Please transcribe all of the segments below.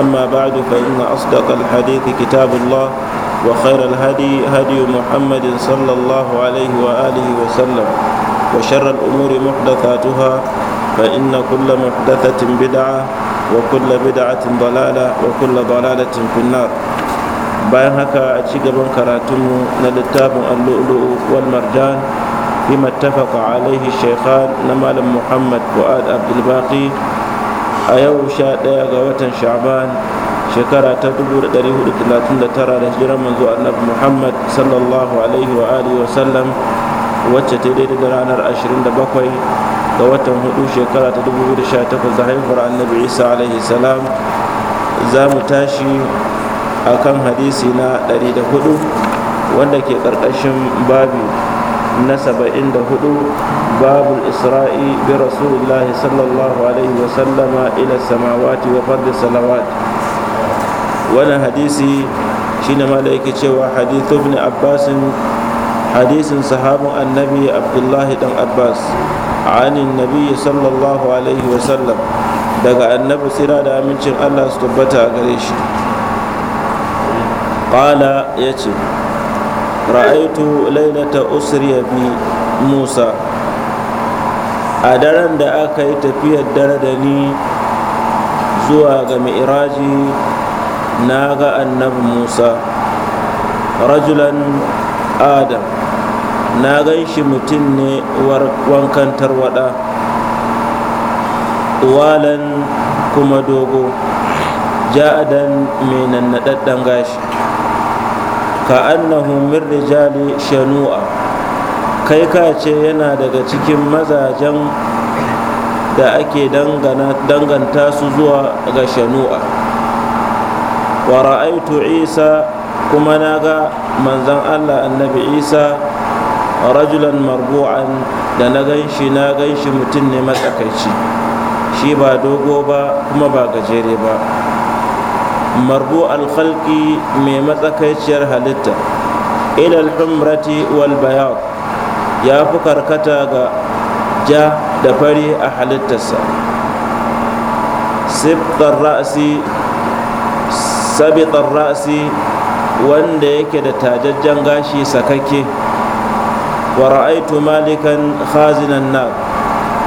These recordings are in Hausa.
أما بعد فإن أصدق الحديث كتاب الله وخير الهدي هدي محمد صلى الله عليه وآله وسلم وشر الأمور محدثاتها فإن كل محدثة بدعة وكل بدعة ضلالة وكل ضلالة في النار bayan haka a ci gaban karatunmu na littafin allu'ulu wal marjan fi mattafaqa alaihi shaykhan na malam muhammad fuad abdulbaqi a yau sha ɗaya ga watan sha'ban shekara ta dubu da hudu talatin da da tara hijirar manzo annabi muhammad sallallahu alaihi wa alihi wa sallam wacce ta daidai da ranar ashirin da bakwai ga watan hudu shekara ta dubu da sha takwas da haihuwar annabi isa alaihi salam za mu tashi a kan hadisi na da hudu wanda ke ƙarƙashin babi na saba'in da hudu babul isra'i bi rasulillahi sallallahu alaihi wa wasallama ila samawati wa fardi salawat wannan hadisi shine ma da yake cewa hadithu ibn abbasin hadisin sahabin annabi abdullahi dan abbas anin nabi sallallahu alaihi wa wasallam daga annabi sira da amincin allah su tabbata a gare shi ƙala ya ce ra'aitu lailata usriya bi musa a daren da aka yi tafiyar dare da ni zuwa ga mi'raji na ga annabi musa rajulan adam na gan shi mutum ne wankantar tarwada walan kuma dogo ja'adan mai nannaɗaɗɗen gashi ka annahu min rijali shanu'a kai ka ce yana daga cikin mazajen da ake danganta su zuwa ga shanu'a wa ra'aitu isa kuma na ga manzon allah annabi isa rajulan marbu'an da na ganshi na ganshi mutum ne matsakaici shi ba dogo ba kuma ba gajere ba marbu alkhalki mai matsakaiciyar halitta ilal humrati wal bayad ya fi karkata ga ja da fari a halittarsa sibtar ra'asi sabitar ra'asi wanda yake da tajajjen gashi sakakke wa ra'aitu malikan khazinan na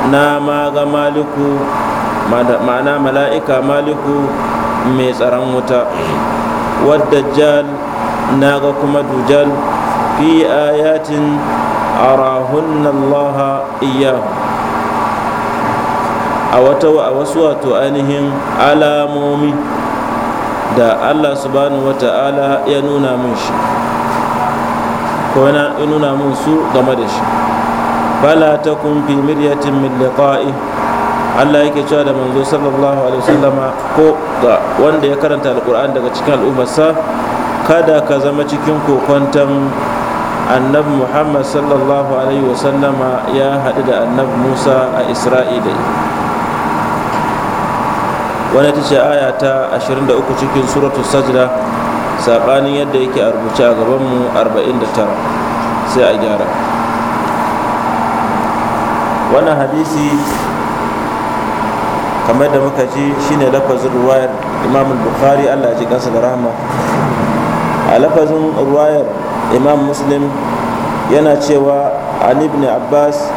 na maliku ma'ana mala'ika maliku mai tsaron wuta Jal na ga kuma dujal fi ayatin arahunna allaha iyahu a wata a wasu wato ainihin alamomi da allah subhanahu Ta'ala ya nuna min shi ko ya nuna min su game da shi bala ta kun fi miryatin min liqa'i Allah yake cewa da manzo sallallahu alaihi wasallama ko ga wanda ya karanta Alqur'an daga cikin al'ummarsa kada ka zama cikin kokontan annabi muhammad sallallahu alaihi wasallama ya haɗu da annabi musa a isra'ila wani ta ce aya ta 23 cikin suratul sajda saɓanin yadda yake a rubuce a gabanmu 49 sai a gyara wannan hadisi kamar da muka ji shine lafazin ruwayar imam bukhari allah ji kansa da rahama a lafazin ruwayar imam muslim yana cewa an ibn abbas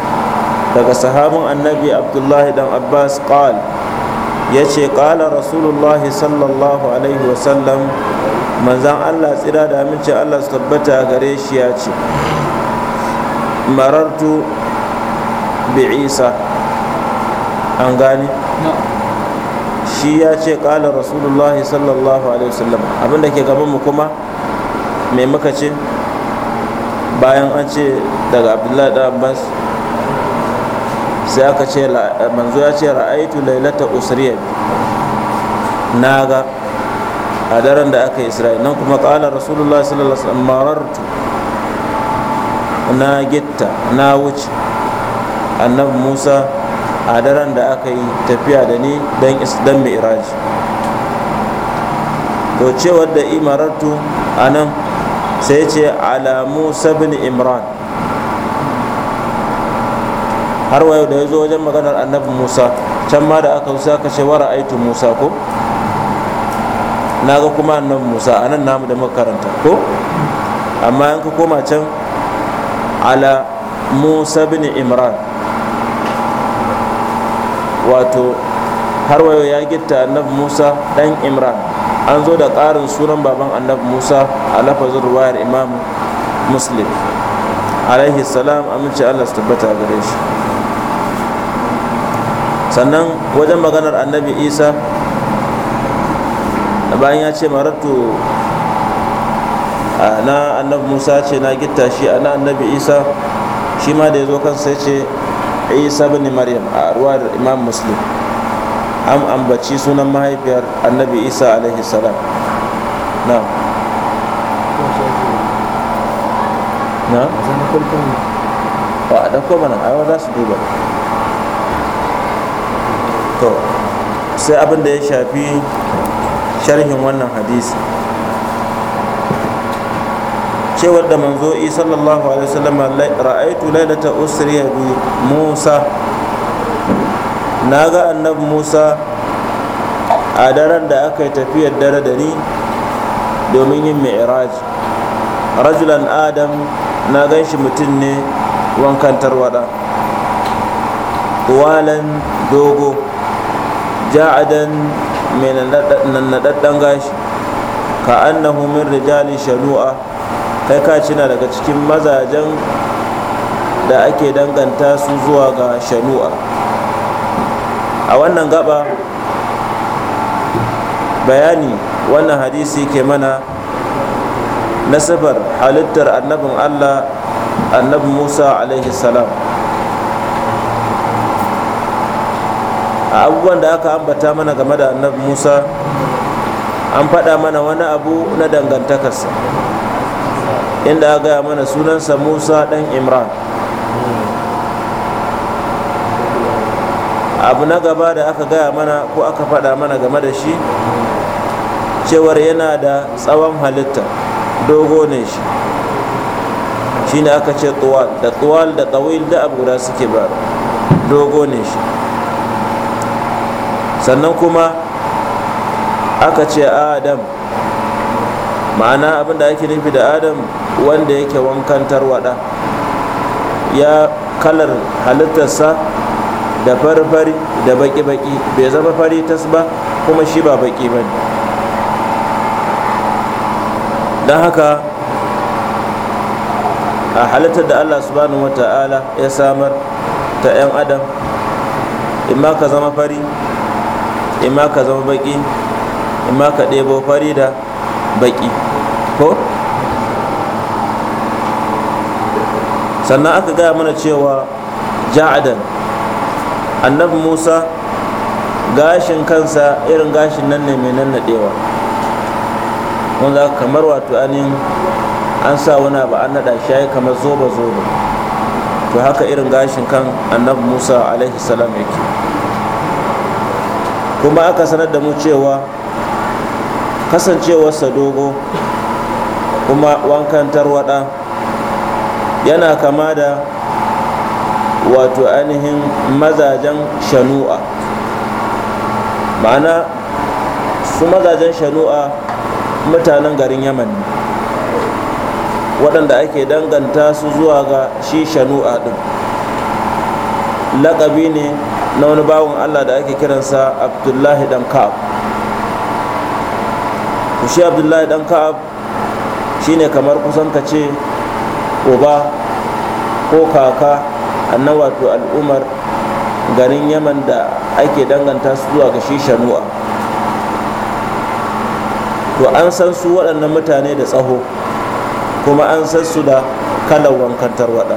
daga sahabin annabi abdullahi dan abbas qal ya ce ƙala rasulullahi sallallahu alaihi wasallam manzan allah tsira da amince allah su tabbata gare shi ya ce marartu bi isa an gane shi ya ce kala rasulullah sallallahu alaihi wasallam abinda ke gaban mu kuma me muka ce bayan an ce daga abdullahi da abbas sai aka ce manzo ya ce ra'aitu lailata usriya na ga a daren da aka yi isra'il nan kuma kala rasulullah sallallahu alaihi wasallam marartu na gitta na wuce annabi musa a daren da aka yi tafiya da ni don isdan mi'raji to cewar da imaratu a nan sai ce alamu musa imran har wayo da ya zo wajen maganar annabi musa can ma da aka wusa kashe wara aitu musa ko na ga kuma annabi musa a nan namu da makaranta ko amma yanka koma can ala musa bin imran wato har wayo ya gitta annab musa dan imran an zo da karin sunan baban annabi musa a lafazin ruwayar imam muslim alaihi salam amince allah su tabbata gare shi sannan wajen maganar annabi isa bayan ya ce marattu na annabi musa ce na gitta shi na annabi isa shi ma da ya zo kansa ya ce isa bin maryam a ruwar imam muslim an ambaci sunan mahaifiyar annabi isa alaihi salam na na ba a ɗauko mana aiwa za su duba to sai abin da ya shafi sharhin wannan hadisi cewar da manzo sallallahu alaihi wasallam ra'aitu lailata usriya bi Musa naga annabi Musa a daren da aka yi tafiyar dare da ni domin yin mi'raj rajulan adam na gan shi mutum ne wankan tarwada walan dogo ja'adan mai nannaɗaɗɗen gashi ka annahu min rijalin shanu'a kai ka na daga cikin mazajen da ake danganta su zuwa ga shanu'a a wannan gaba bayani wannan hadisi ke mana nasabar halittar annabin allah annabin musa alaihi salam a abubuwan da aka ambata mana game da annabin musa an faɗa mana wani abu na dangantakarsa inda a gaya mana sunansa musa dan imran abu na gaba da aka gaya mana ko aka faɗa mana game da shi cewar yana da tsawon halitta dogo ne shi shi ne aka ce tuwal da tuwal da tawil da abu guda suke ba dogo ne shi sannan kuma aka ce adam ma'ana abin da ake nufi da adam wanda yake wankan tarwada ya kalar halittarsa da farfari da baki-baki bai zama fari tas ba kuma shi ba baki ba ne don haka a halittar da allah subhanahu wata'ala ya samar ta 'yan adam imma ka zama fari imma ka zama baki imma ka ɗebo fari da baki ko sannan aka gaya mana cewa ja'adan annabi musa gashin kansa irin gashin nan ne mai nannadewa wanda kamar wato anin an sa wani abu an naɗa shi kamar zoba zoba to haka irin gashin kan annabi musa alaihi salam yake kuma aka sanar da mu cewa kasancewarsa dogo kuma wankan tarwada yana kama da wato ainihin mazajen shanu'a ma'ana su mazajen shanu'a mutanen garin Yamani. waɗanda ake danganta su zuwa ga shi shanu'a ɗin laƙabi ne na wani bawon allah da ake kiransa abdullahi dan ka'ab shi abdullahi dan ka'ab ne kamar kusan ka ce uba ko kaka annan wato al'umar garin yaman da ake danganta su zuwa ga shi to an san su waɗannan mutane da tsaho kuma an san su da kalar wankantar waɗa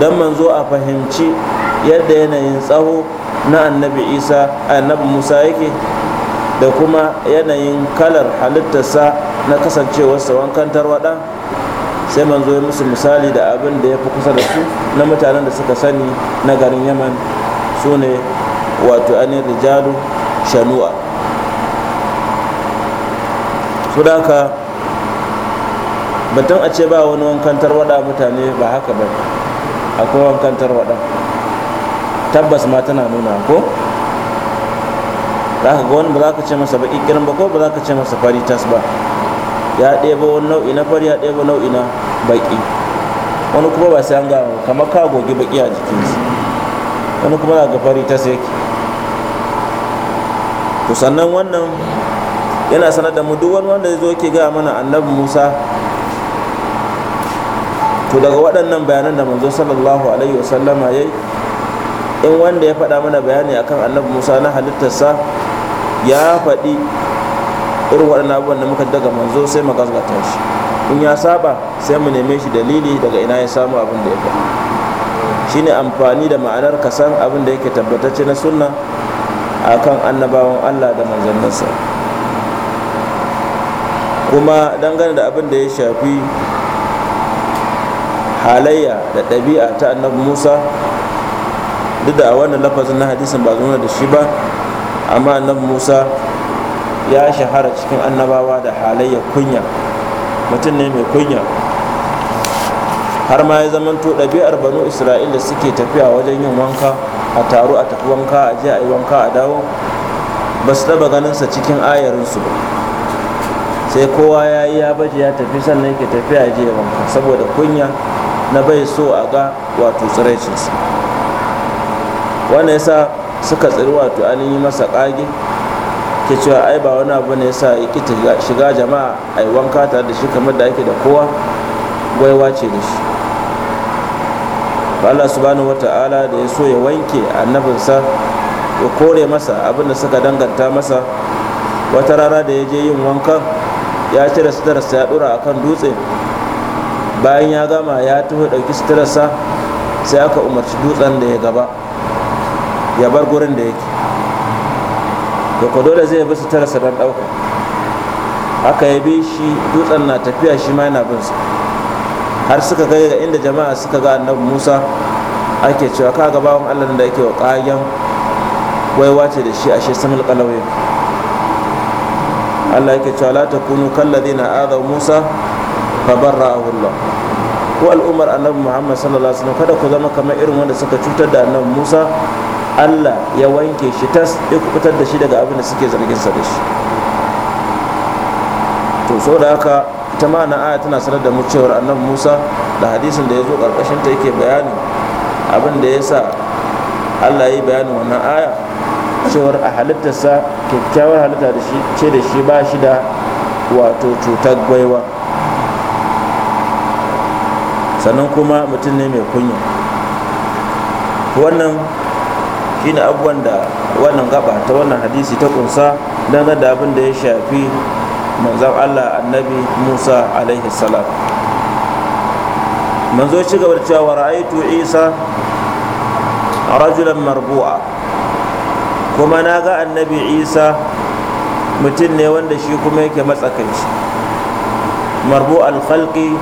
don manzo a fahimci yadda yanayin tsaho na annabi isa annabi musa yake da kuma yanayin kalar halittarsa na kasancewarsa wankantar waɗa sai manzo ya musu misali da abin da ya fi kusa da su na mutanen da suka sani na garin yaman su ne wato anin rijalu shanu'a su da ka batun a ce ba wani wankan tarwada mutane ba haka ba akwai wankan tarwada tabbas ma tana nuna ko za ka ga wani ba za ka ce masa ba ƙirƙirin ba ko ba za ka ce masa fari tas ba ya ɗebo wani nau'i na fari ya ɗebo nau'i na baki wani kuma ba sai an gama kamar ka gogi baki a jikinsa wani kuma na fari ta sai to sannan wannan yana sanar da mu duk wani wanda zai zo ke gaya mana annabi musa to daga waɗannan bayanan da manzo sallallahu alaihi wasallama ya yi in wanda ya faɗa mana bayani akan annabi musa na halittarsa ya faɗi irin waɗannan abubuwan da muka daga manzo sai mu gasgata shi in ya saba sai mu neme shi dalili daga ina ya samu abin da ya faru shine amfani da ma'anar ka san abin da yake tabbatacce na sunna kan annabawan Allah da manzannansa kuma dangane da abin da ya shafi halayya da ɗabi'a ta annabi Musa duk da a wannan lafazin na hadisin ba zuwa da shi ba amma annabi Musa ya shahara cikin annabawa da halayya kunya mutum ne mai kunya har ma ya zamanto ɗabi'ar banu isra'ila suke tafiya wajen yin wanka a taro a tafi wanka a je a yi wanka a dawo ba su taɓa ganinsa cikin ayarinsu ba sai kowa ya yi ya baje ya tafi sannan yake tafiya je wanka saboda kunya na bai so a ga wato tsiraicinsa wannan yasa suka tsiri wato an yi masa ƙage ke cewa ai ba wani abu ne sa yake shiga jama'a ai wanka tare da shi kamar da ake da kowa gwaiwa ce da shi Allah subhanahu wata'ala da ya so ya wanke annabinsa ya kore masa abin da suka danganta masa wata rana da ya je yin wanka ya cire sutararsa ya dura akan dutse bayan ya gama ya tafi ɗauki sutararsa sai aka umarci dutsen da ya gaba ya bar gurin da yake da ko dole zai bi su tara sa dan dauka aka ya bi shi dutsen na tafiya shi ma yana bin su har suka kai ga inda jama'a suka ga annabi Musa ake cewa ka ga bawon Allah da yake wa kayan waiwa ce da shi ashe samul qalawi Allah yake cewa la takunu ladina adaw Musa fa barra'ahu Allah ko al'ummar annabi Muhammad sallallahu alaihi wasallam kada ku zama kamar irin wanda suka cutar da annabi Musa Allah ya wanke shi tas ya kubutar da shi daga abin da suke zargin sa da shi to so da haka ta ma na aya tana sanar da mu cewar annabi Musa da hadisin da ya zo karkashin ta yake bayani abin da ya sa Allah ya yi bayanin wannan aya cewar a halittarsa kyakkyawar halitta da shi ce da shi ba shi da wato cutar gwaiwa sannan kuma mutum ne mai kunya wannan shine abubuwan da wannan gaba ta wannan hadisi ta kunsa don da abin da ya shafi manzan Allah annabi Musa alaihi salam manzo ci gaba da cewa ra'aitu Isa rajulan marbu'a kuma na ga annabi Isa mutum ne wanda shi kuma yake matsakaici marbu'al khalqi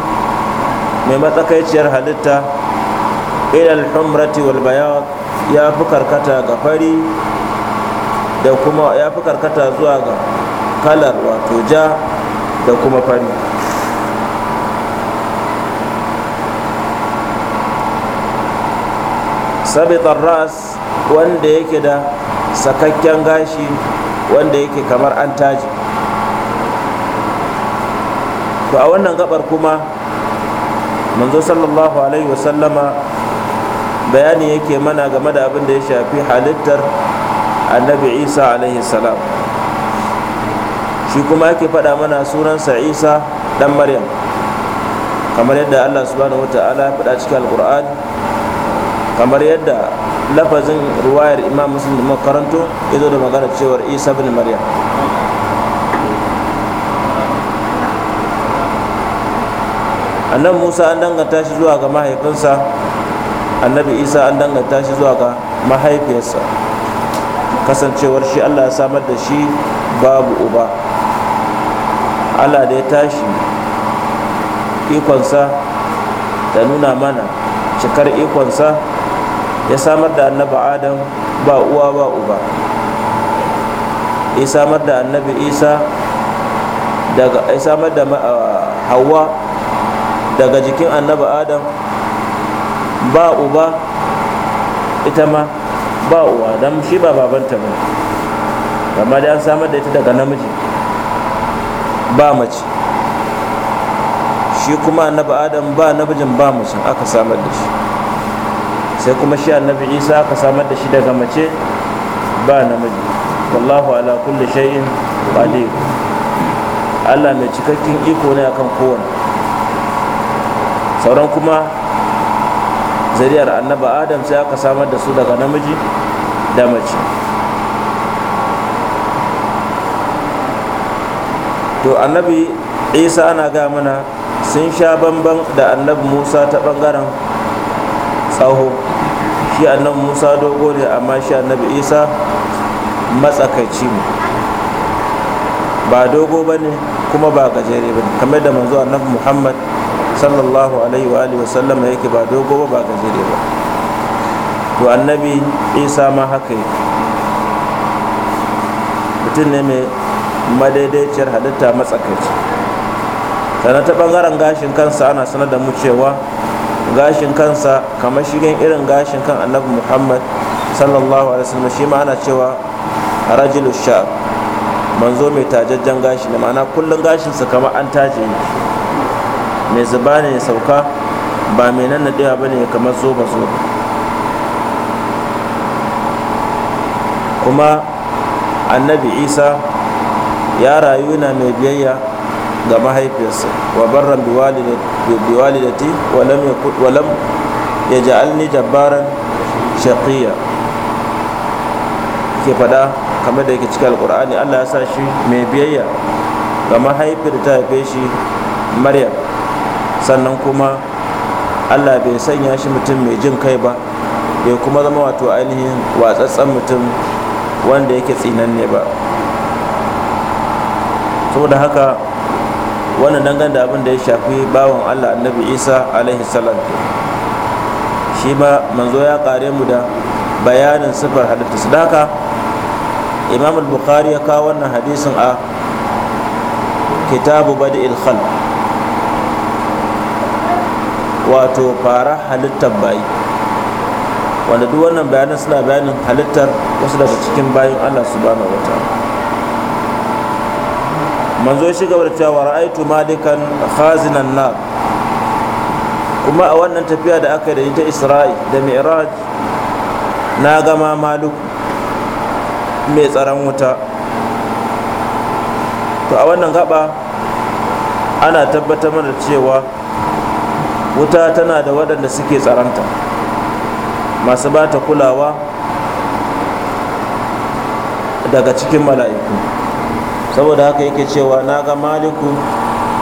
mai matsakaiciyar halitta ila al-humrati wal bayad ya fi karkata ga fari da kuma ya fi karkata zuwa ga kalar wato ja da kuma fari sabitar ras wanda yake da sakakken gashi wanda yake kamar an taji to a wannan gabar kuma manzo sallallahu alaihi wasallama bayani yake mana game da abin da ya shafi halittar annabi isa alaihi salam shi kuma yake faɗa mana sunansa isa ɗan maryam kamar yadda allah subhanahu wa ta'ala faɗa cikin alƙur'ani kamar yadda lafazin ruwayar imam muslim makaranto ya zo da magana cewar isa bin maryam annan musa an danganta shi zuwa ga mahaifinsa annabi isa an danganta shi zuwa ga mahaifiyarsa kasancewar shi allah ya samar da shi babu uba allah da ya tashi ikonsa da nuna mana cikar ikonsa ya samar da annabi adam ba uwa ba uba ya samar da annabi isa daga ya samar da ah, hawa daga jikin annabi adam ba uba ita ma ba uwa don shi ba babanta ba amma dai an samar da ita daga namiji ba mace shi kuma annabi adam ba namijin ba mace aka samar da shi sai kuma shi annabi isa aka samar da shi daga mace ba namiji wallahu ala kulli shay'in qadir Allah mai cikakken iko ne akan kowane sauran kuma zariyar annaba adam sai aka samar da su daga namiji da mace to annabi isa ana ga mana sun sha bamban da annabi musa ta bangaren tsaho shi annabi musa dogo ne amma shi annabi isa matsakaici ne ba dogo ba ne kuma ba gajere ba ne kamar da manzo annabi muhammad sallallahu alaihi wa alihi wasallam yake ba dogo ba ba gajere ba to annabi isa ma haka yake mutum ne mai madaidaiciyar halitta matsakaici sannan ta bangaren gashin kansa ana sanar da mu cewa gashin kansa kamar shigen irin gashin kan annabi muhammad sallallahu alaihi wasallam shi ma ana cewa rajulu sha'ab manzo mai tajajjen gashi ne ma'ana kullum gashinsa kamar an taje mai zuba ne ya sauka ba mai nan nadewa ba ne kamar zoba zoba kuma annabi isa ya rayu na mai biyayya ga mahaifiyarsa wa barran biwalidati walam ya ja'alni jabbaran shaqiyya ke fada kamar da yake cikin alkur'ani allah ya sa shi mai biyayya ga mahaifiyar ta haife shi maryam sannan kuma allah bai sanya shi mutum mai jin kai ba bai kuma zama wato ainihin watsatsan mutum wanda yake tsinanne ba saboda haka wannan dangan da abin da ya shafi bawan allah annabi isa alaihi salam shi ba manzo ya kare mu da bayanin sifar halitta su haka imam al-bukhari ya kawo wannan hadisin a kitabu bada'il ilhal. wato fara halittar bayi wanda duk wannan bayanan suna bayanin halittar wasu daga cikin bayan allah subhanahu wa ta'ala manzo shi gaba da cewa ra'aitu malikan khazinan na? kuma a wannan tafiya da aka yi da ita isra'i da mi'raj na gama maluk mai tsaron wuta to a wannan gaba ana tabbatar mana cewa wuta tana da waɗanda suke tsaranta masu ba ta kulawa daga cikin mala'iku saboda haka yake cewa na ga maliku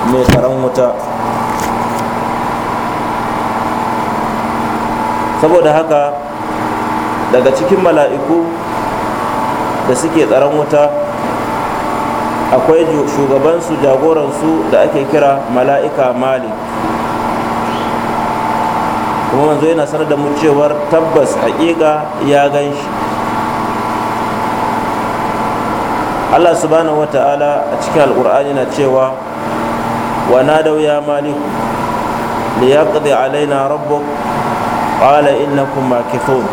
mai tsaron wuta saboda haka daga cikin mala'iku da suke tsaron wuta akwai shugabansu jagoransu da ake kira mala'ika malik kuma manzo yana sanar da mu cewar tabbas haƙiƙa ya gan shi Allah subhanahu Ta'ala a cikin alƙur'ani na cewa wa nadau ya malik li yaqdi alaina rabbuk qala innakum makithun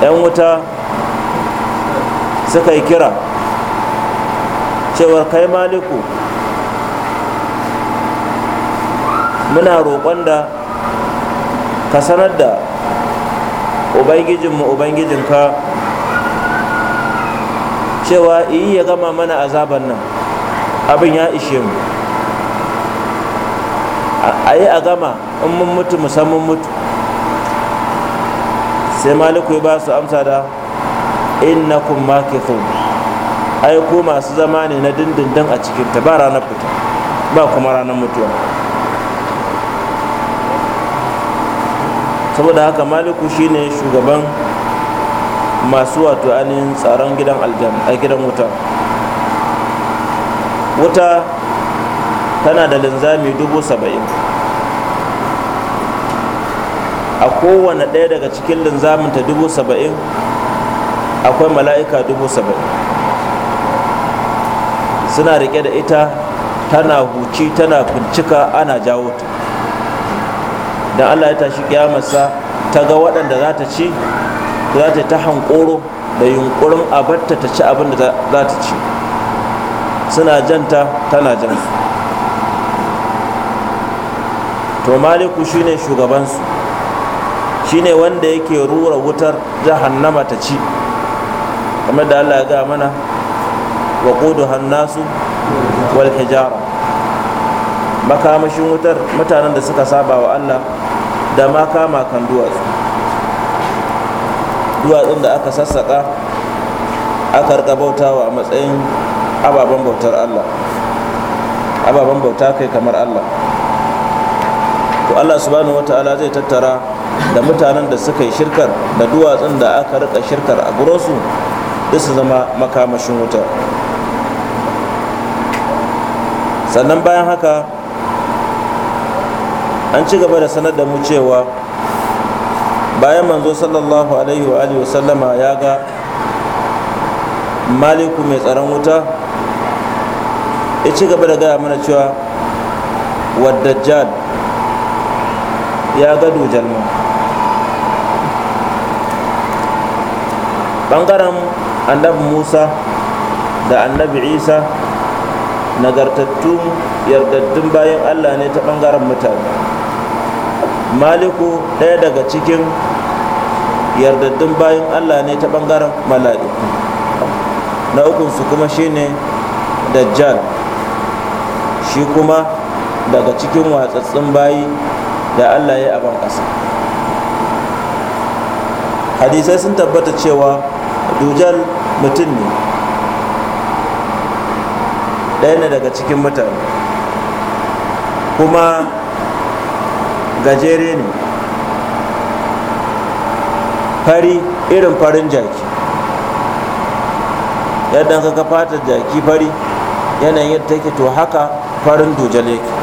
yan wuta suka yi kira cewar kai maliku muna roƙon da ka sanar da ubangijinmu ubangijinka cewa iyi ya gama mana azaban nan abin ya ishe mu a yi a gama in mun mutu musamman mutu sai maliku ya ba su amsa da innakum makithun ai ku masu zama ne na dindindin a cikin ta ba ranar fita ba kuma ranar mutuwa saboda haka maliku ne shugaban masu wato ainihin tsaron gidan gidan wuta wuta tana da linzami dubu saba'in a kowane ɗaya daga cikin linzaminta dubu saba'in akwai mala'ika dubu saba'in suna riƙe da ita tana huci tana bincika ana jawo ta dan Allah ya tashi kiyamarsa ta ga waɗanda za ta ci za ta ta hankoro da yunkurin abarta ta ci abin da za ta ci suna janta tana jan to maliku shine shugabansu shine wanda yake rura wutar jahannama ta ci kamar da Allah ya ga mana wa qudu hannasu wal hijara makamashin wutar mutanen da suka saba wa Allah da ma kama kan duwatsu duwatsun da aka sassaka aka rika bautawa a matsayin ababen bautar allah ababen bauta kai kamar allah to allah subhanahu ta'ala zai tattara da mutanen da suka yi shirkar da duwatsun da aka rika shirkar a gurinsu duk su zama makamashin wuta sannan bayan haka an ci gaba da sanar da mu cewa bayan manzo sallallahu alaihi wa alihi sallama ya ga maliku mai tsaron wuta ya ci gaba da gaya mana cewa waddajjal ya ga dujalma ɓangaren annabi musa da annabi isa nagartattun yardaddun bayan allah ne ta ɓangaren mutane maliku ɗaya daga cikin yardaddun bayan allah ne ta ɓangaren mala'iku na ukunsu kuma shine dajjal shi kuma daga cikin watsatsun bayi da allah ya aban ƙasa hadisai sun tabbata cewa dujal mutum ne ɗaya ne daga cikin mutane kuma gajere ne fari irin farin jaki yadda ka fata jaki fari yanayin yadda take to haka farin dujal yake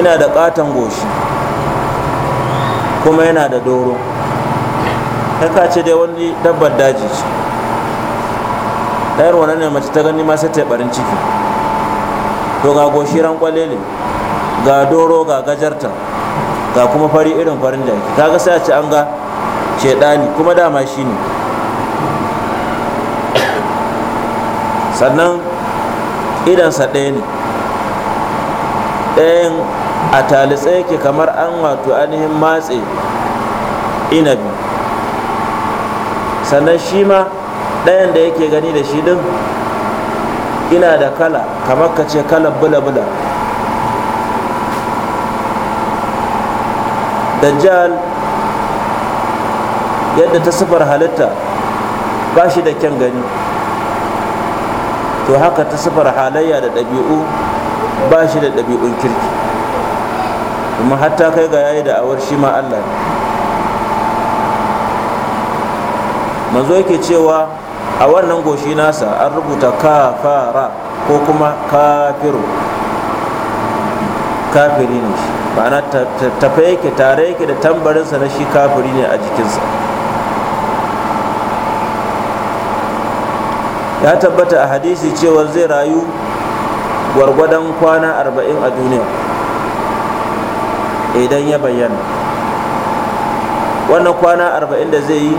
ina da katon goshi kuma yana da doro ka ce dai wani dabbar daji ce ɗayar wannan ne mace ta gani ma sai ta barin ciki to ga goshi ran kwalele ne ga doro ga gajarta ga kuma fari irin farin ta kaga sai a ci an ga shedani kuma dama shi ne sannan idansa ɗaya ne ɗayan a talitsa yake kamar an wato ainihin matse inabi sannan shi ma ɗayan da yake gani da shi ɗin ina da kala kamar ka ce kalar bula-bula dajjal yadda ta sifar halitta ba shi da kyan gani to haka ta sifar halayya da ɗabi'u ba shi da ɗabi'un kirki kuma hatta kai ga yayi da shi ma Allah ne manzo yake cewa a wannan goshi nasa an rubuta kafara ko kuma kafiru kafiri ne shi ma'ana tafe yake tare yake da tambarinsa na shi kafiri ne a jikinsa ya tabbata a hadisi cewar zai rayu gwargwadon kwana arba'in a duniya idan ya bayyana wannan kwana arba'in da zai yi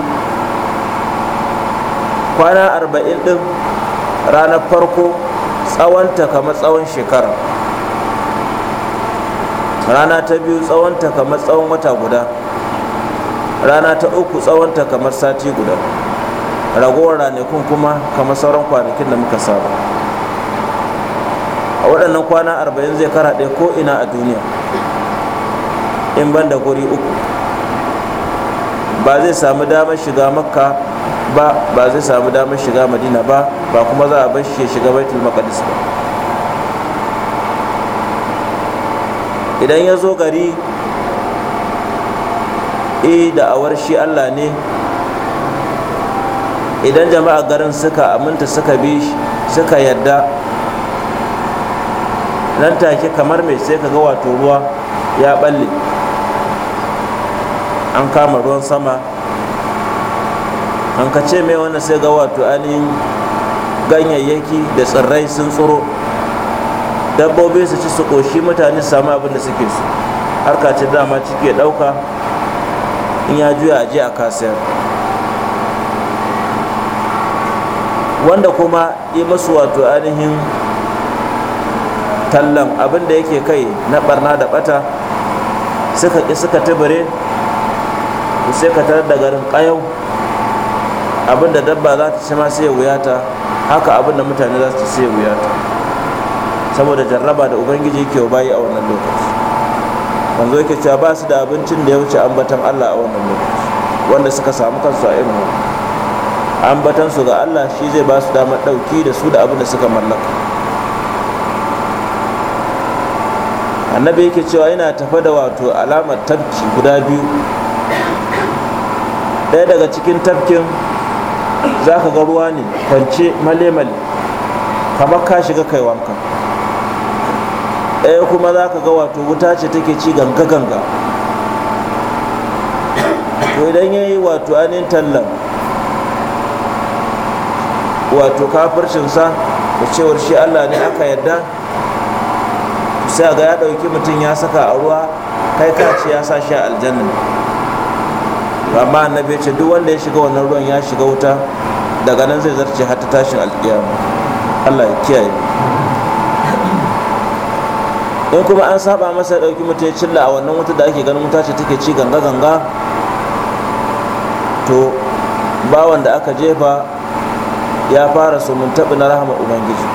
kwana arba'in din ranar farko tsawonta kamar tsawon shekara rana ta biyu tsawonta kamar tsawon wata guda rana ta uku tsawonta kamar sati guda ragowar ranakun kuma kamar sauran kwanakin da muka saba a waɗannan kwana arba'in zai karaɗe ko ina a duniya in ban da guri uku ba zai samu damar shiga makka ba ba zai samu damar shiga madina ba ba kuma za a bar shiga baitul maqdis ba idan ya zo gari e da shi allah ne idan jama'a garin suka aminta suka bi suka yadda nan take kamar mai sai ka ga wato ruwa ya balle an kama ruwan sama an kace mai wannan sai ga wato ainihin ganyayyaki da tsirrai sun tsoro. dabbobi su ci su koshi mutane su samu abin da suke su harka ce dama ciki ya ɗauka in ya juya aje a kasayar wanda kuma yi masu wato ainihin tallan abin da yake kai na barna da bata suka ƙi suka tubure sai ka tarar da garin ƙayau abin da dabba za ta ci ma sai wuyata haka abin da mutane za su ci sai wuyata saboda jarraba da ubangiji ke bayi a wannan lokaci wanzu yake cewa ba su da abincin da ya wuce ambatan allah a wannan lokaci wanda suka samu kansu a irin ambatan su ga allah shi zai ba su damar ɗauki da su da abin da suka mallaka annabi yake cewa yana tafa da wato alamar tafki guda biyu daya daga cikin tafkin za ka ga ruwa ne kwance male-male kamar ka shiga kai wanka ɗaya kuma za ka ga wato wuta ce take ci ganga ganga to idan ya yi wato anin tallan wato kafircinsa da cewar shi allah ne aka yadda sai ga ya ɗauki mutum ya saka a ruwa kai ce ya sa shi a aljanna amma annabi ce duk wanda ya shiga wannan ruwan ya shiga wuta daga nan zai zarce har ta tashin alƙiyama allah ya kiyaye in kuma an saba masa ɗauki mutum ya cilla a wannan wuta da ake ganin wuta ce take ci ganga ganga to bawan da aka jefa ya fara taɓi na rahama ubangiji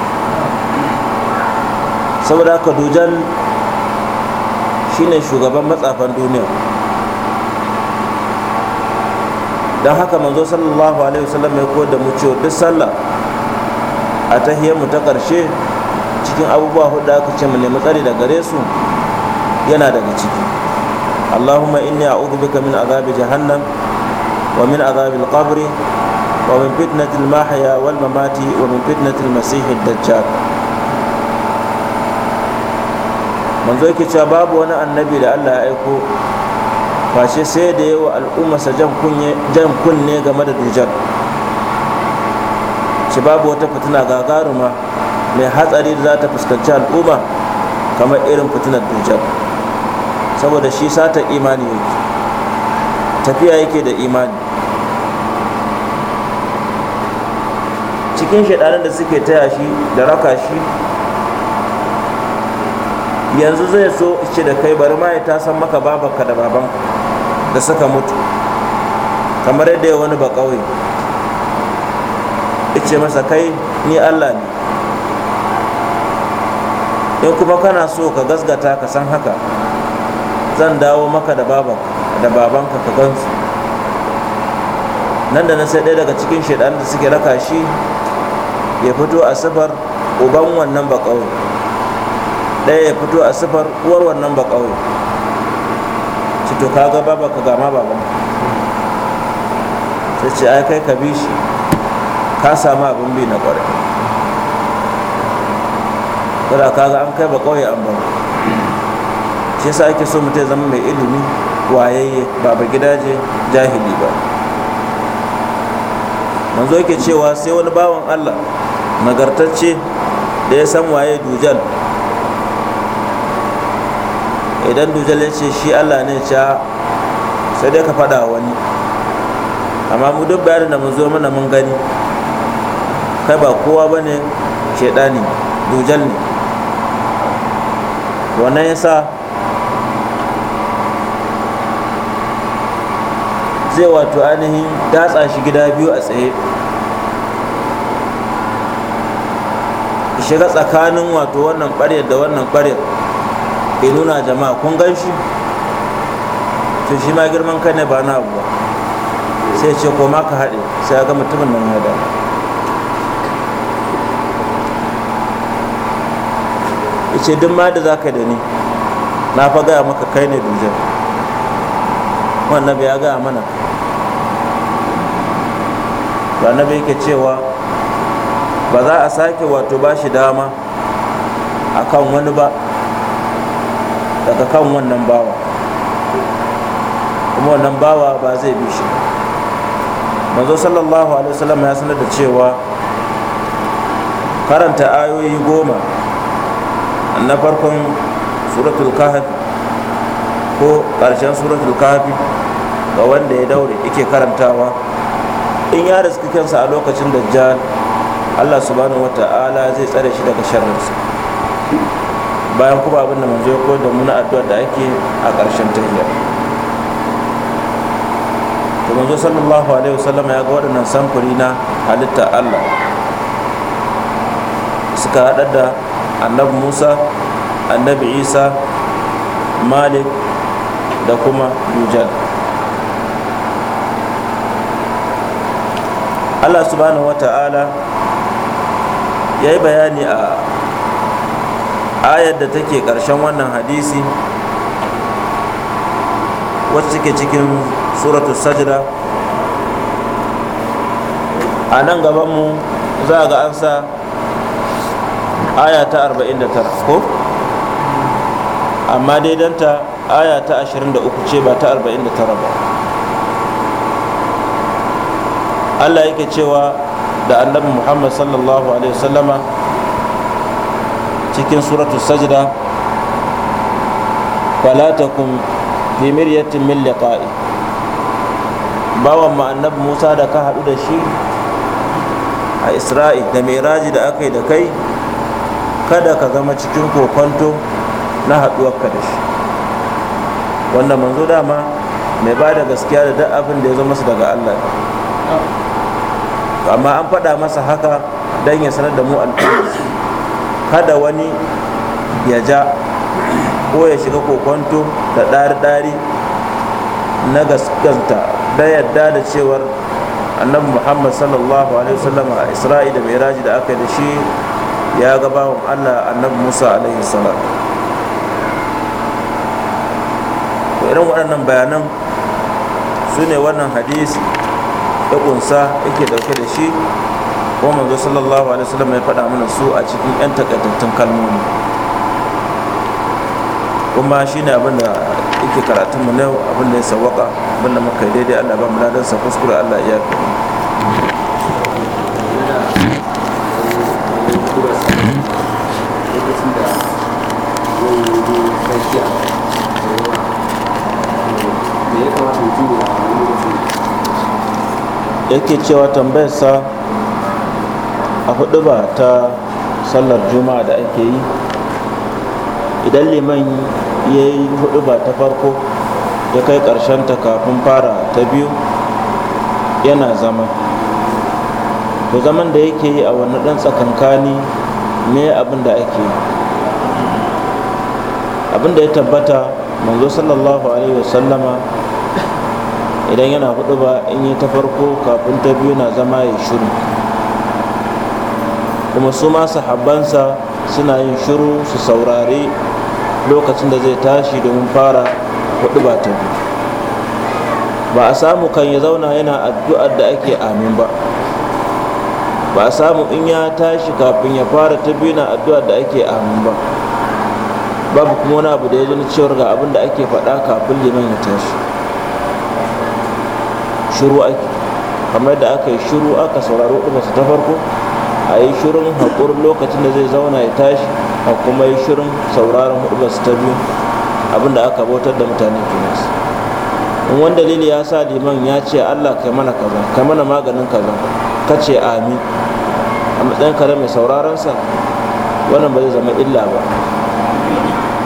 saboda haka dujal shine shugaban matsafan duniya don haka manzo sallallahu alaihi wasallam ya koyar da mu cewa duk sallah a tahiyar mu ta ƙarshe cikin abubuwa hudu aka ce mu nemi tsari da gare su yana daga ciki allahumma inni a'udhu bika min azabi jahannam wa min azabi qabri wa min fitnatil mahya wal mamati wa min fitnatil masih da dajjal manzo yake cewa babu wani annabi da Allah ya aiko fashe sai da yawa al'ummarsa jan kunne game da dujar. ce babu wata fitina gagaruma mai hatsari da za ta fuskanci al'umma kamar irin fitinar dujjal saboda shi sata imani yake tafiya yake da imani cikin shaɗanin da suke taya shi da raka shi yanzu zai so ce da kai bari ma ya san maka babanka da baban da suka mutu kamar yadda ya wani ba ƙauye ce masa kai ni allah ne in kuma kana so ka gasgata ka san haka zan dawo maka da babanka da babanka ka gansu nan da na sai ɗaya daga cikin shaidan da suke raka shi ya fito a sifar uban wannan baƙawai ɗaya ya fito a sifar uwar wannan baƙawai ci to ka ga baba ka gama baban sai ce ai kai ka bi shi ka samu abin bi na kwarai kada ka ga an kai ba kawai an ba shi yasa ake so mutum zama mai ilimi wayayye ba gidaje jahili ba manzo yake cewa sai wani bawan Allah nagartacce da ya san waye dujal idan dujal ya ce shi Allah ne cha ah, sai dai ka faɗa wani amma mu duk bayar da mun zo mana mun gani kai ba kowa bane shedani dujal ne wannan yasa zai wato ainihin datsa shi gida biyu a tsaye shiga tsakanin wato wannan ƙwarya da wannan ƙwarya ya nuna jama'a kun gan shi to shi ma girman kai ne ba na abu sai ce ko ma ka haɗe sai ga mutumin nan hada ce duk ma da zaka da ni na fa gaya maka kai ne dujan wannan bai ya gaya mana ba na bai ke cewa ba za a sake wato ba shi dama a kan wani ba daga kan wannan bawa kuma wannan bawa ba zai bi shi manzo sallallahu alaihi wasallam ya sanar da cewa karanta ayoyi goma na farkon suratul kahf ko ƙarshen suratul kahf ga wanda ya daure yake karantawa in ya riski kansa a lokacin dajjal Allah subhanahu ta'ala zai tsare shi daga sharrinsa bayan kuma abin da manzo ya koyar da mu na addu'a da ake a ƙarshen tahiyya to manzo sallallahu alaihi wasallam ya ga waɗannan samfuri na halitta Allah suka haɗa da annabi musa annabi isa malik da kuma dujal allah subhanahu wata'ala ya yi bayani a ayar da take ƙarshen wannan hadisi wacce take cikin suratu sajda a nan gabanmu za ga an sa aya ta 49 ko amma daidanta aya ta 23 ce ba ta 49 ba Allah yake cewa da annabi Muhammad sallallahu alaihi wasallama cikin suratul sajda fala takum fi miryatin min liqa'i bawan ma annabi Musa da ka haɗu da shi a Isra'i da Miraji da aka yi da kai kada ka zama cikin kokonto na haɗuwarka da shi wanda manzo dama mai ba da gaskiya da duk abin da ya zo masa daga Allah amma an faɗa masa haka don ya sanar da mu alƙawarsa kada wani ya ja ko ya shiga kokonto da ɗari-ɗari na gaskanta da yadda da cewar annabi muhammad sallallahu alaihi wasallam a isra'i da mai da aka da shi ya ga wa Allah annabi Musa alaihi salam irin waɗannan bayanan su ne wannan hadisi ya kunsa yake dauke da shi kuma manzo sallallahu alaihi wasallam ya faɗa mana su a cikin yan takaitattun kalmomi kuma ne abin da yake karatun mu ne abin da ya sawaka abin da muka daidai Allah ba mu ladan sa kuskure Allah ya yake cewa tambayarsa a hudu ba ta sallar juma'a da ake yi idan liman ya yi hudu ba ta farko ya kai ta kafin fara ta biyu yana zama to zaman da yake yi a wani ɗan tsakankani me abin da ake yi abin da ya tabbata manzo sallallahu alaihi wasallama idan yana hudu ba in yi ta farko kafin ta biyu na zama ya shiru kuma su ma habbansa suna yin shiru su saurari lokacin da zai tashi domin fara hudu ba ta biyu ba a samu kan ya zauna yana addu'ar da ake amin ba ba samu in ya tashi kafin ya fara ta biyu na addu'ar da ake a ba babu kuma wani abu da ya na cewar ga abin da ake faɗa kafin liman ya tashi shiru ake kamar da aka yi shiru aka saurari waɗansu ta farko a yi shirin haƙuri lokacin da zai zauna ya tashi a kuma yi shirin sauraron hudubarsu ta biyu abin da aka bautar da mutane nasu in wani dalili ya sa liman ya ce allah kai mana kaza kai mana maganin kaza ka ce amin a matsayin kare mai sa wannan ba zai zama illa ba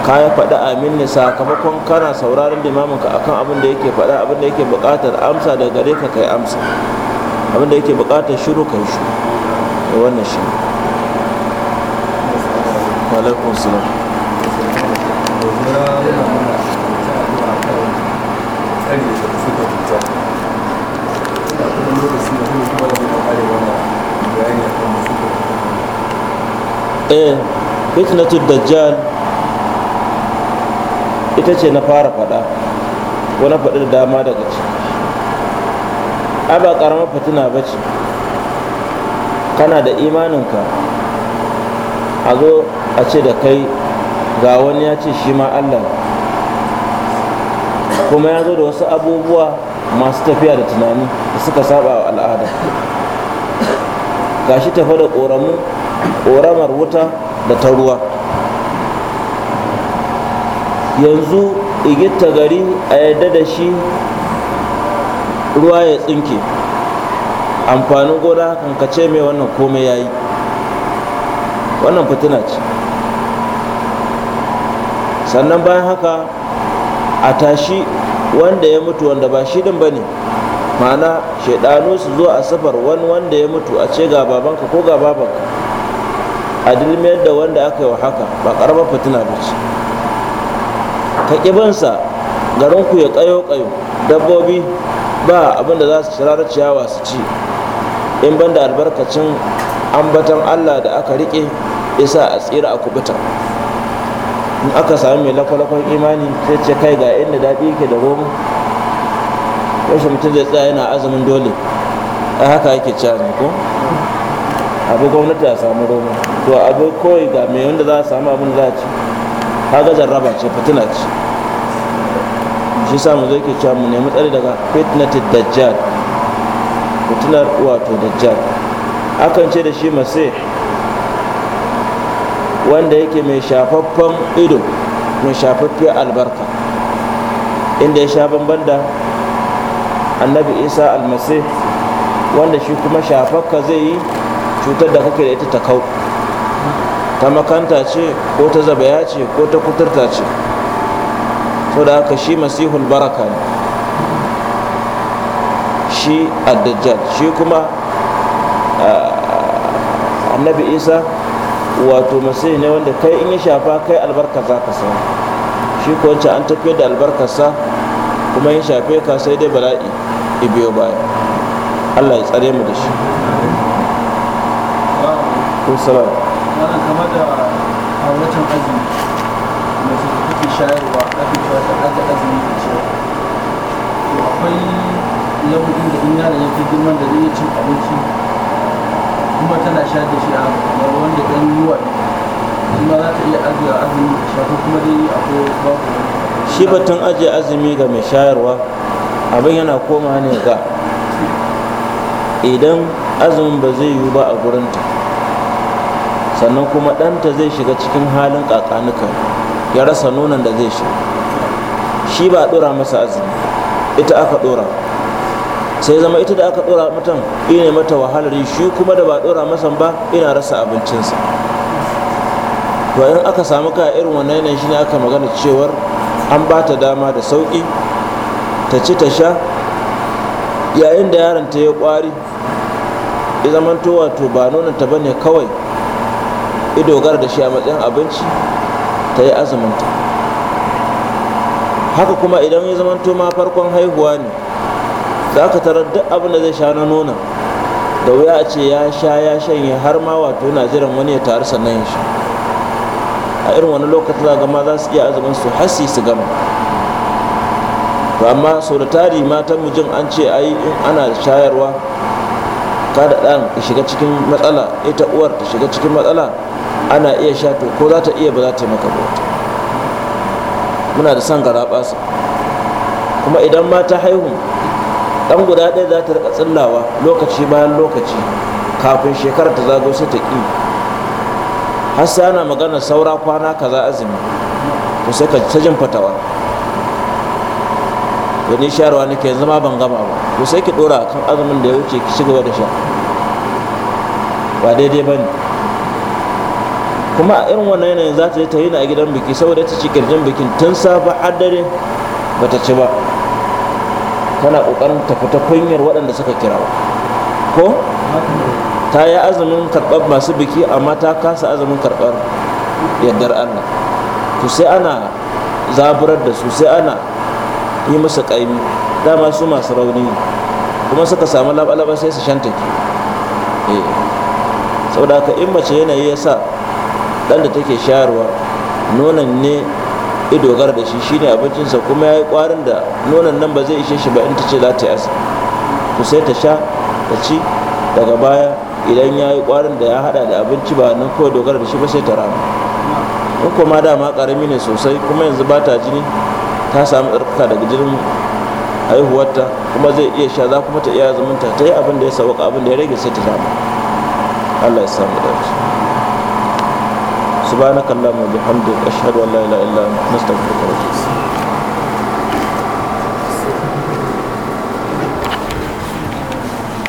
ka ya faɗi amin ne sakamakon kana sauraron limamin ka akan abin da yake faɗa abin da yake buƙatar amsa daga gare ka kai amsa abin da yake buƙatar shiru kai shi da wannan shi alaikum salam Thank you. e dajjal ita ce na fara faɗa wani faɗi da dama daga ciki. a ba ƙaramar fitina ba ce kana da imaninka a zo a ce da kai ga wani ya ce shi ma allah kuma ya zo da wasu abubuwa masu tafiya da tunani da suka saba wa al'ada gashi tafa da ƙoramar wuta da ta ruwa yanzu igitta gari a yadda da shi ruwa ya tsinke amfanin gona kankace mai wannan komai yi wannan fitina ce sannan bayan haka a tashi wanda ya mutu wanda ba shi din ba ne mana shaidanu su zo a safar wani wanda ya mutu a ce ga babanka ko ga babanka a dilmiyar da wanda aka yi wa haka ba karamar fitina ba ce ka ƙibansa garinku ya ƙayo ƙayo dabbobi ba abin da za su shirarar ciyawa su ci in banda albarkacin ambatan allah da aka riƙe isa a tsira a kubuta in aka sami mai lakwalakwan imani sai ce kai ga inda daɗi ke da romu rashin mutum zai tsaya yana azumin dole a haka yake ci azumi ko abu gwamnati a samu roma to abu kawai ga mai wanda za a samu abin za a ci kaga jarraba ce fitina ce shi sa mu zai ke cewa mu nemi tsari daga fitnatin dajjal fitinar wato dajjal akan ce da shi masih wanda yake mai shafaffen ido mai shafaffiyar albarka inda ya sha bamban da annabi isa almasi wanda shi kuma shafarka zai yi cutar da kake da ita ta kau ta makanta ce ko ta zabaya ce ko ta kuturta ce so da haka shi masihul baraka ne shi addajjal shi kuma annabi isa wato masai ne wanda kai in yi shafa kai albarka za ka samu shi ko an tafiye da albarkarsa kuma yin shafe ka sai dai bala'i biyo baya allah ya tsare mu da shi salam wannan kamar da a wancan azumi mace da fi shayarwa ake cewa ta aje azumi da cewa. to akwai lamarin da in yaron yake girman da zai cin abinci kuma tana shayar da shi a kamar wanda dan yiwa shi ma za ta iya ajiye azumi da shafi kuma dai akwai babu shi batun ajiye azumi ga mai shayarwa abin yana koma ne ga idan azumin ba zai yiwu ba a gurinta sannan kuma ɗanta zai shiga cikin halin ƙaƙanuka ya rasa nonon da zai shiga shi ba a ɗora masa azumi ita aka ɗora sai zama ita da aka ɗora mutum ina mata wahalar shi kuma da ba ɗora masa ba ina rasa abincinsa to in aka samu ka irin wannan yanayin shi ne aka magana cewar an ba ta dama da sauƙi ta ci ta sha yayin da yaron ta ya kwari ya zamanto wato ba nonon ta bane kawai ya dogara da shi a matsayin abinci ta yi azuminta haka kuma idan ya zamanto ma farkon haihuwa ne za ka tarar duk abin da zai sha na nonon da wuya a ce ya sha ya shanye har ma wato yana jiran wani ya taru sannan ya sha a irin wani lokacin za ga ma za su iya azumin su hasi su gama to amma sau da tari matan mijin an ce ai in ana shayarwa kada ɗan shiga cikin matsala ita uwar ta shiga cikin matsala ana iya sha to ko za ta iya ba za ta maka ba muna da son garaɓasa kuma idan ma ta haihu ɗan guda ɗaya za ta tsillawa lokaci bayan lokaci kafin shekarar ta zago sai ta ƙi har sai ana magana saura kwana kaza azumi to sai ka ta jin fatawa da ni sharwa nake yanzu ma ban gama ba to sai ki dora kan azumin da ya wuce ki ci gaba da sha ba daidai ba ne kuma a irin wannan yanayin za ta yi ta yi a gidan biki saboda ta ci kirjin bikin tun safa har dare ba ta ci ba tana kokarin ta fita kunyar waɗanda suka kira ba ko ta yi azumin karɓar masu biki amma ta kasa azumin karɓar yardar allah to sai ana zaburar da su sai ana yi masa ƙaimi dama su masu rauni kuma suka samu labalaba sai su sau eh. saboda haka in mace yanayi ya sa ɗan da take shayarwa nonon ne ya dogara da shi shine abincinsa kuma ya yi ƙwarin da nonon nan ba zai ishe shi ba in ta ce za ta yasa ku sai ta sha ta ci daga baya idan ya yi ƙwarin da ya haɗa da abinci ba nan kawai dogara da shi ba sai ta rama in kuma dama ƙarami ne sosai kuma yanzu ba ta jini ta samu tsarkaka daga jirin haihuwarta kuma zai iya sha za kuma ta iya zumunta ta yi abin da ya sauka abin da ya rage sai ta samu Allah ya samu dace subhanakallahumma bihamdika ashhadu an la ilaha illa anta astaghfiruka wa atubu